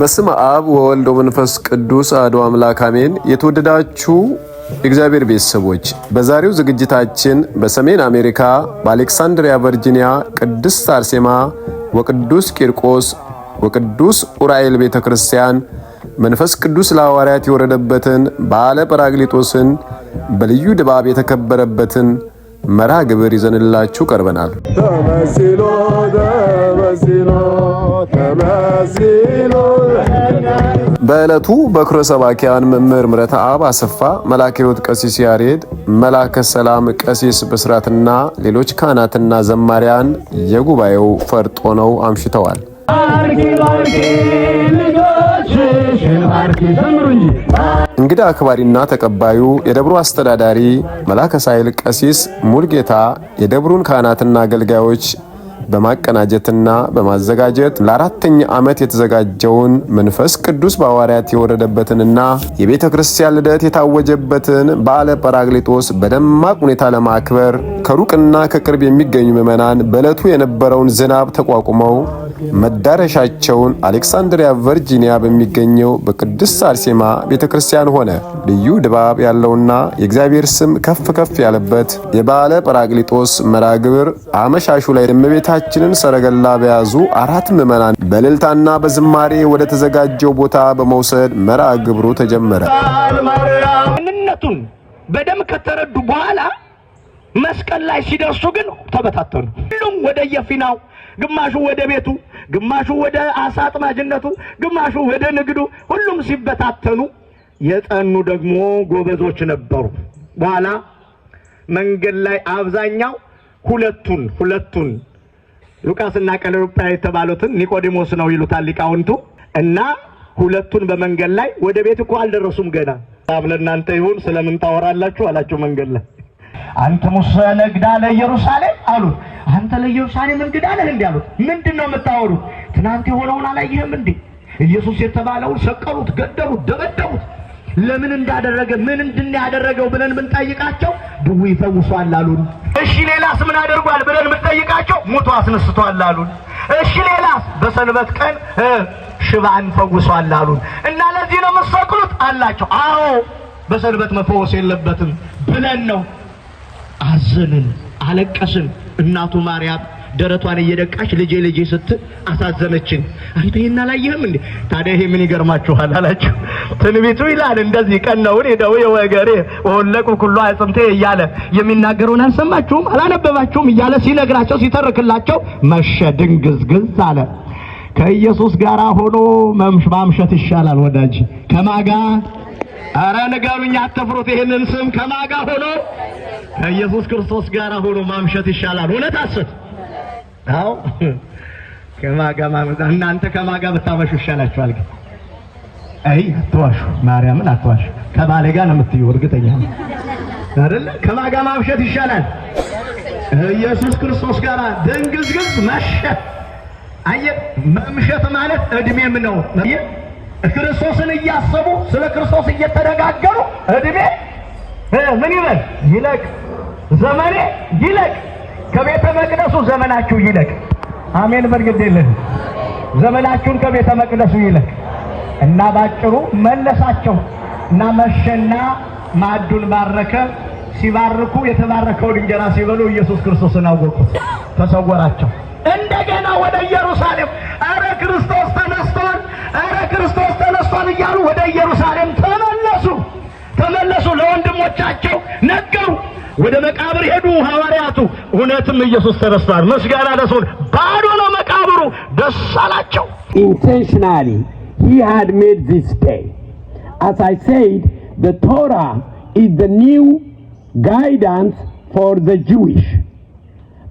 በስም አብ ወወልድ መንፈስ ቅዱስ አሐዱ አምላክ አሜን። የተወደዳችሁ የእግዚአብሔር ቤተሰቦች በዛሬው ዝግጅታችን በሰሜን አሜሪካ በአሌክሳንድሪያ ቨርጂኒያ ቅድስት አርሴማ ወቅዱስ ቂርቆስ ወቅዱስ ኡራኤል ቤተ ክርስቲያን መንፈስ ቅዱስ ለሐዋርያት የወረደበትን በዓለ ጰራቅሊጦስን በልዩ ድባብ የተከበረበትን መርሃ ግብር ይዘንላችሁ ቀርበናል። ተመሲሎ ተመሲሎ ተመሲሎ በዕለቱ በኩረ ሰባኪያን መምህር ምረተ አብ አሰፋ፣ መላከ ሕይወት ቀሲስ ያሬድ፣ መላከ ሰላም ቀሲስ ብስራትና ሌሎች ካህናትና ዘማሪያን የጉባኤው ፈርጥ ሆነው አምሽተዋል። እንግዳ አክባሪና ተቀባዩ የደብሩ አስተዳዳሪ መላከ ሳይል ቀሲስ ሙልጌታ የደብሩን ካህናትና አገልጋዮች በማቀናጀትና በማዘጋጀት ለአራተኛ ዓመት የተዘጋጀውን መንፈስ ቅዱስ በሐዋርያት የወረደበትንና የቤተ ክርስቲያን ልደት የታወጀበትን በዓለ ጰራቅሊጦስ በደማቅ ሁኔታ ለማክበር ከሩቅና ከቅርብ የሚገኙ ምዕመናን በዕለቱ የነበረውን ዝናብ ተቋቁመው መዳረሻቸውን አሌክሳንድሪያ ቨርጂኒያ በሚገኘው በቅድስት አርሴማ ቤተ ክርስቲያን ሆነ። ልዩ ድባብ ያለውና የእግዚአብሔር ስም ከፍ ከፍ ያለበት የበዓለ ጰራቅሊጦስ መርሐ ግብር አመሻሹ ላይ እመቤታችንን ሰረገላ በያዙ አራት ምዕመናን በልልታና በዝማሬ ወደ ተዘጋጀው ቦታ በመውሰድ መርሐ ግብሩ ተጀመረ። ምንነቱን በደም ከተረዱ በኋላ መስቀል ላይ ሲደርሱ ግን ተበታተኑ። ሁሉም ወደ የፊናው ግማሹ ወደ ቤቱ፣ ግማሹ ወደ አሳ አጥማጅነቱ፣ ግማሹ ወደ ንግዱ፣ ሁሉም ሲበታተኑ የጠኑ ደግሞ ጎበዞች ነበሩ። በኋላ መንገድ ላይ አብዛኛው ሁለቱን ሁለቱን ሉቃስና ቀለዮጳ የተባሉትን ኒቆዲሞስ ነው ይሉታል ሊቃውንቱ እና ሁለቱን በመንገድ ላይ ወደ ቤት እኮ አልደረሱም ገና። ለእናንተ ይሁን ስለምን ታወራላችሁ አላቸው መንገድ ላይ አንተ ሙሰ ነግዳ ለኢየሩሳሌም አሉት። አንተ ለኢየሩሳሌም እንግዳ ነህ እንዴ አሉት። ምንድን ነው የምታወሩት? ትናንት የሆነውን አላየህም እንዴ? ኢየሱስ የተባለውን ሰቀሉት፣ ገደሉት፣ ደበደቡት። ለምን እንዳደረገ ምን ያደረገው ብለን ብንጠይቃቸው ድው ይፈውሷል አሉን። እሺ ሌላስ ምን አድርጓል ብለን ብንጠይቃቸው ሙቶ አስነስቷል አሉን። እሺ ሌላስ በሰንበት ቀን ሽባን ፈውሷል አሉን። እና ለዚህ ነው የምትሰቅሉት አላቸው። አዎ በሰንበት መፈወስ የለበትም ብለን ነው አዘንን፣ አለቀስን። እናቱ ማርያም ደረቷን እየደቃች ልጄ ልጄ ስትል አሳዘነችን። አንተ ይሄን አላየህም እንዴ? ታዲያ ይሄ ምን ይገርማችኋል አላችሁ። ትንቢቱ ይላል እንደዚህ ቀነውን ሄደው የወገሬ ወለቁ ሁሉ አጽምቴ እያለ የሚናገረውን አልሰማችሁም አላነበባችሁም እያለ ሲነግራቸው ሲተርክላቸው መሸ ድንግዝግዝ አለ። ከኢየሱስ ጋር ሆኖ ማምሸት ይሻላል ወዳጅ ከማጋ አረ ንገሩኝ፣ አትፍሩት። ይህንን ስም ከማጋ ሆኖ ከኢየሱስ ክርስቶስ ጋር ሆኖ ማምሸት ይሻላል። እውነት አስት አው ከማጋ ማምሸት እናንተ ከማጋ ብታመሹ ይሻላችኋል። ግን አይ አትዋሹ፣ ማርያምን አትዋሹ። ከባሌ ጋር ነው የምትዩ፣ እርግጠኛ አይደለ? ከማጋ ማምሸት ይሻላል። ኢየሱስ ክርስቶስ ጋር ድንግዝግዝ መሸት አየ መምሸት ማለት እድሜም ነው። ክርስቶስን እያሰቡ ስለ ክርስቶስ እየተነጋገሩ እድሜ ምን ይበል ይለቅ፣ ዘመኔ ይለቅ፣ ከቤተ መቅደሱ ዘመናችሁ ይለቅ። አሜን በል ግድ ዘመናችሁን ከቤተ መቅደሱ ይለቅ እና ባጭሩ መለሳቸው እና መሸና ማዕዱን ባረከ። ሲባርኩ የተባረከውን እንጀራ ሲበሉ ኢየሱስ ክርስቶስን አወቁት፣ ተሰወራቸው። እንደገና ወደ ኢየሩሳሌም አረ ክርስቶስ ተነሳ እረ ክርስቶስ ተነስቷል እያሉ ወደ ኢየሩሳሌም ተመለሱ ተመለሱ። ለወንድሞቻቸው ነገሩ። ወደ መቃብር ሄዱ ሐዋርያቱ። እውነትም ኢየሱስ ተነስቷል፣ ምስጋና ለሰውን። ባዶ ነው መቃብሩ። ደስ አላቸው። ኢንቴንሽናሊ ሂ ሃድ ሜድ ዚስ ዴይ አስ አይ ሰይድ ዘ ቶራ ኢዝ ዘ ኒው ጋይዳንስ ፎር ዘ ጂዊሽ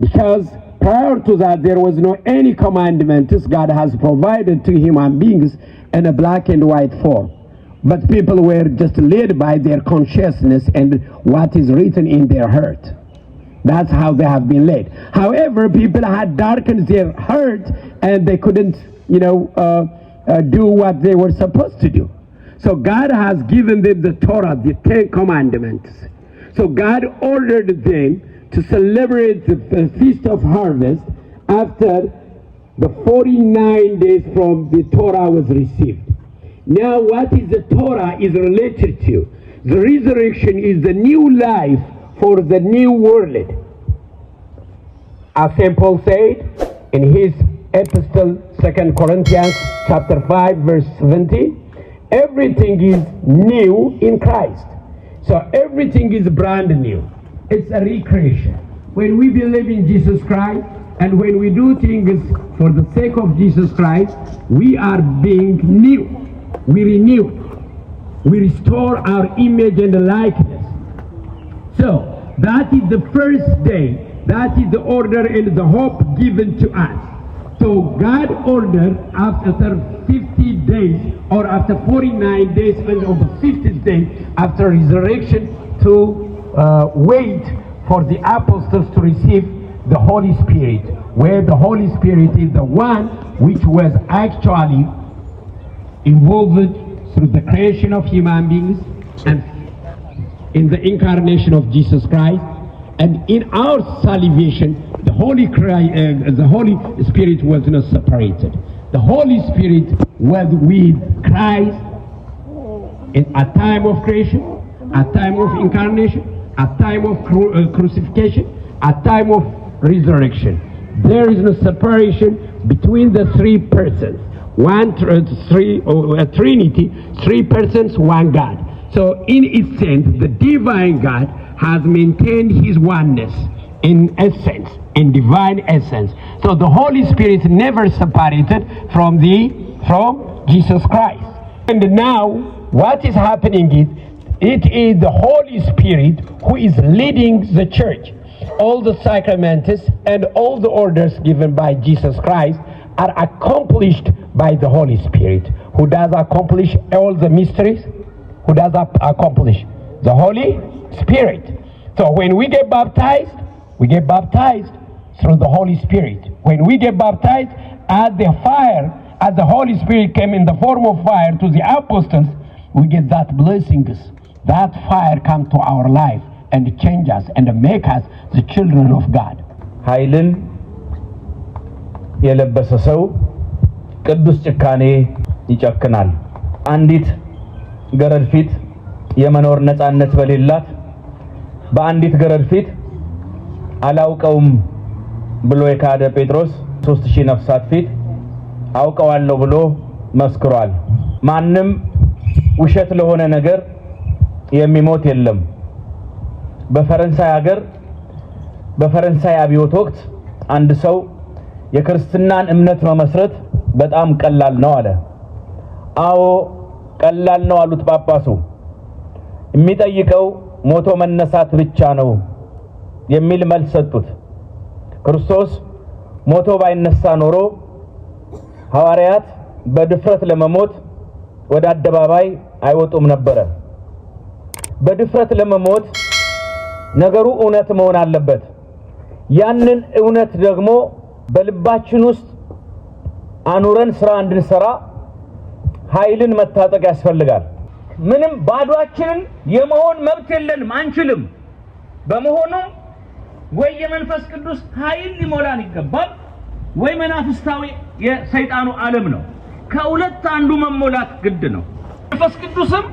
ቢካዝ Prior to that, there was no any commandments God has provided to human beings in a black and white form. But people were just led by their consciousness and what is written in their heart. That's how they have been led. However, people had darkened their heart and they couldn't, you know, uh, uh, do what they were supposed to do. So God has given them the Torah, the Ten Commandments. So God ordered them to celebrate the Feast of Harvest after the 49 days from the Torah was received. Now, what is the Torah is related to? The resurrection is the new life for the new world. As St. Paul said in his epistle, 2 Corinthians chapter 5, verse 17, everything is new in Christ. So everything is brand new. It's a recreation. When we believe in Jesus Christ and when we do things for the sake of Jesus Christ, we are being new. We renew. We restore our image and likeness. So, that is the first day. That is the order and the hope given to us. So God ordered after 50 days or after 49 days and on the 50th day after resurrection to uh, wait for the apostles to receive the Holy Spirit, where the Holy Spirit is the one which was actually involved through the creation of human beings and in the incarnation of Jesus Christ. And in our salvation, the Holy, Christ, uh, the Holy Spirit was not separated. The Holy Spirit was with Christ in a time of creation, a time of incarnation, a time of cru uh, crucifixion, a time of resurrection. There is no separation between the three persons. One, tr uh, three, a uh, uh, trinity, three persons, one God. So, in essence, sense, the divine God has maintained his oneness in essence, in divine essence. So, the Holy Spirit never separated from the from Jesus Christ. And now, what is happening is it is the Holy Spirit who is leading the church. All the sacraments and all the orders given by Jesus Christ are accomplished by the Holy Spirit, who does accomplish all the mysteries, who does accomplish the Holy Spirit. So when we get baptized, we get baptized through the Holy Spirit. When we get baptized, as the fire, as the Holy Spirit came in the form of fire to the apostles, we get that blessings that fire come to our life and change us and make us the children of God ኃይልን የለበሰ ሰው ቅዱስ ጭካኔ ይጨክናል። አንዲት ገረድ ፊት የመኖር ነፃነት በሌላት በአንዲት ገረድ ፊት አላውቀውም ብሎ የካደ ጴጥሮስ ሦስት ሺህ ነፍሳት ፊት አውቀዋለሁ ብሎ መስክሯል። ማንም ውሸት ለሆነ ነገር የሚሞት የለም። በፈረንሳይ ሀገር በፈረንሳይ አብዮት ወቅት አንድ ሰው የክርስትናን እምነት መመስረት በጣም ቀላል ነው አለ። አዎ ቀላል ነው አሉት ጳጳሱ። የሚጠይቀው ሞቶ መነሳት ብቻ ነው የሚል መልስ ሰጡት። ክርስቶስ ሞቶ ባይነሳ ኖሮ ሐዋርያት በድፍረት ለመሞት ወደ አደባባይ አይወጡም ነበረ። በድፍረት ለመሞት ነገሩ እውነት መሆን አለበት። ያንን እውነት ደግሞ በልባችን ውስጥ አኑረን ስራ እንድንሰራ ኃይልን መታጠቅ ያስፈልጋል። ምንም ባዷችንን የመሆን መብት የለንም፣ አንችልም። በመሆኑም ወይ የመንፈስ ቅዱስ ኃይል ሊሞላን ይገባል፣ ወይ መናፍስታዊ የሰይጣኑ ዓለም ነው። ከሁለት አንዱ መሞላት ግድ ነው። መንፈስ ቅዱስም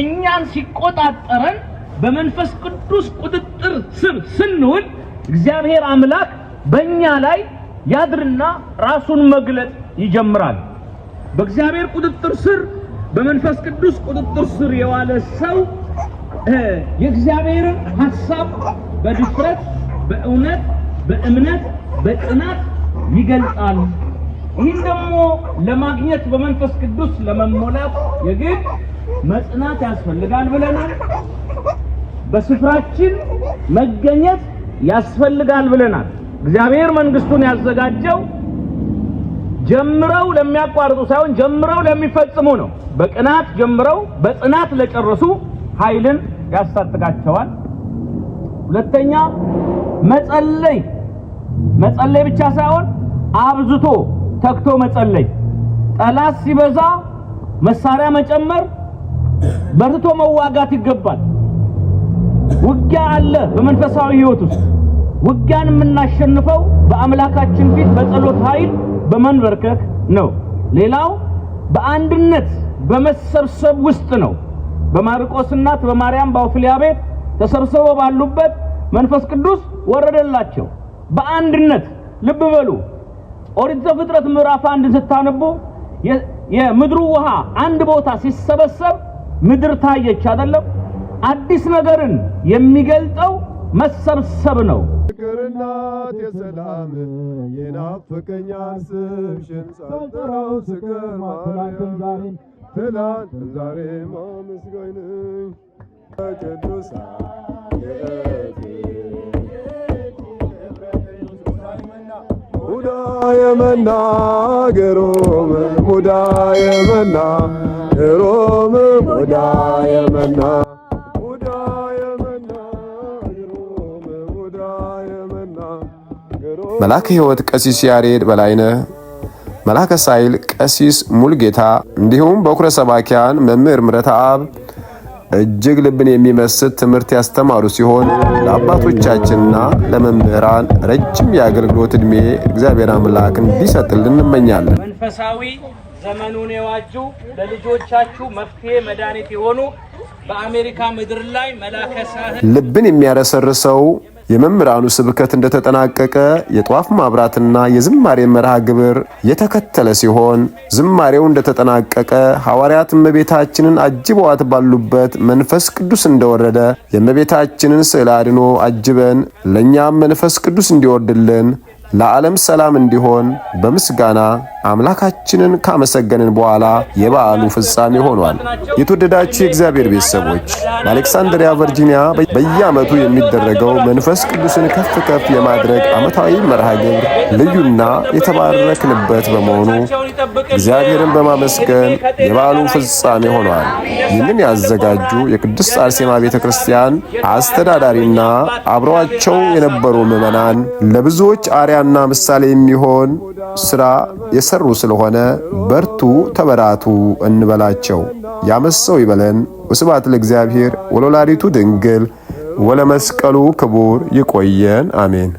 እኛን ሲቆጣጠረን በመንፈስ ቅዱስ ቁጥጥር ስር ስንውል እግዚአብሔር አምላክ በእኛ ላይ ያድርና ራሱን መግለጥ ይጀምራል። በእግዚአብሔር ቁጥጥር ስር በመንፈስ ቅዱስ ቁጥጥር ስር የዋለ ሰው የእግዚአብሔርን ሐሳብ በድፍረት በእውነት፣ በእምነት፣ በጽናት ይገልጻል። ይህን ደግሞ ለማግኘት በመንፈስ ቅዱስ ለመሞላት የግድ መጽናት ያስፈልጋል ብለናል። በስፍራችን መገኘት ያስፈልጋል ብለናል። እግዚአብሔር መንግስቱን ያዘጋጀው ጀምረው ለሚያቋርጡ ሳይሆን ጀምረው ለሚፈጽሙ ነው። በቅናት ጀምረው በጽናት ለጨረሱ ኃይልን ያስታጥቃቸዋል። ሁለተኛ መጸለይ፣ መጸለይ ብቻ ሳይሆን አብዝቶ ተክቶ መጸለይ። ጠላት ሲበዛ መሳሪያ መጨመር በርትቶ መዋጋት ይገባል። ውጊያ አለ በመንፈሳዊ ህይወት ውስጥ። ውጊያን የምናሸንፈው በአምላካችን ፊት በጸሎት ኃይል በመንበርከክ ነው። ሌላው በአንድነት በመሰብሰብ ውስጥ ነው። በማርቆስ እናት በማርያም በአውፍልያ ቤት ተሰብስበው ባሉበት መንፈስ ቅዱስ ወረደላቸው። በአንድነት ልብ በሉ። ኦሪት ዘፍጥረት ምዕራፍ አንድ ስታነቡ የምድሩ ውሃ አንድ ቦታ ሲሰበሰብ ምድር ታየች አይደለም። አዲስ ነገርን የሚገልጠው መሰብሰብ ነው። ፍቅር የሰላም የናፍቀኛል ስምሽን ሳልጠራው ስቅር ማርያም ትላንት ዛሬ ማመስገን ቅዱሳ ሙዳ የመናገሮም ሙዳ የመና ሮም ሙዳ የመና ሙዳ የመና ሮም ሙዳ የመና መልአከ ሕይወት ቀሲስ ያሬድ በላይነህ መልአከ ሳይል ቀሲስ ሙልጌታ እንዲሁም በኩረ ሰባኪያን መምህር ምረተ አብ እጅግ ልብን የሚመስጥ ትምህርት ያስተማሩ ሲሆን ለአባቶቻችንና ለመምህራን ረጅም የአገልግሎት ዕድሜ እግዚአብሔር አምላክ እንዲሰጥልን እንመኛለን። መንፈሳዊ ዘመኑን የዋጁ ለልጆቻችሁ መፍትሄ መድኃኒት የሆኑ በአሜሪካ ምድር ላይ መላከ ልብን የሚያረሰርሰው የመምህራኑ ስብከት እንደተጠናቀቀ የጧፍ ማብራትና የዝማሬ መርሃ ግብር የተከተለ ሲሆን ዝማሬው እንደተጠናቀቀ ሐዋርያት እመቤታችንን አጅበዋት ባሉበት መንፈስ ቅዱስ እንደወረደ የእመቤታችንን ስዕል አድኖ አጅበን ለእኛም መንፈስ ቅዱስ እንዲወርድልን ለዓለም ሰላም እንዲሆን በምስጋና አምላካችንን ካመሰገንን በኋላ የበዓሉ ፍጻሜ ሆኗል። የተወደዳችሁ የእግዚአብሔር ቤተሰቦች በአሌክሳንድሪያ ቨርጂኒያ በየዓመቱ የሚደረገው መንፈስ ቅዱስን ከፍ ከፍ የማድረግ ዓመታዊ መርሃ ግብር ልዩና የተባረክንበት በመሆኑ እግዚአብሔርን በማመስገን የበዓሉ ፍጻሜ ሆኗል። ይህንን ያዘጋጁ የቅድስት አርሴማ ቤተ ክርስቲያን አስተዳዳሪና አብረዋቸው የነበሩ ምዕመናን ለብዙዎች አርያ መመሪያና ምሳሌ የሚሆን ሥራ የሰሩ ስለሆነ በርቱ፣ ተበራቱ እንበላቸው። ያመሰው ይበለን። ወስብሐት ለእግዚአብሔር ወለወላዲቱ ድንግል ወለመስቀሉ ክቡር። ይቆየን። አሜን።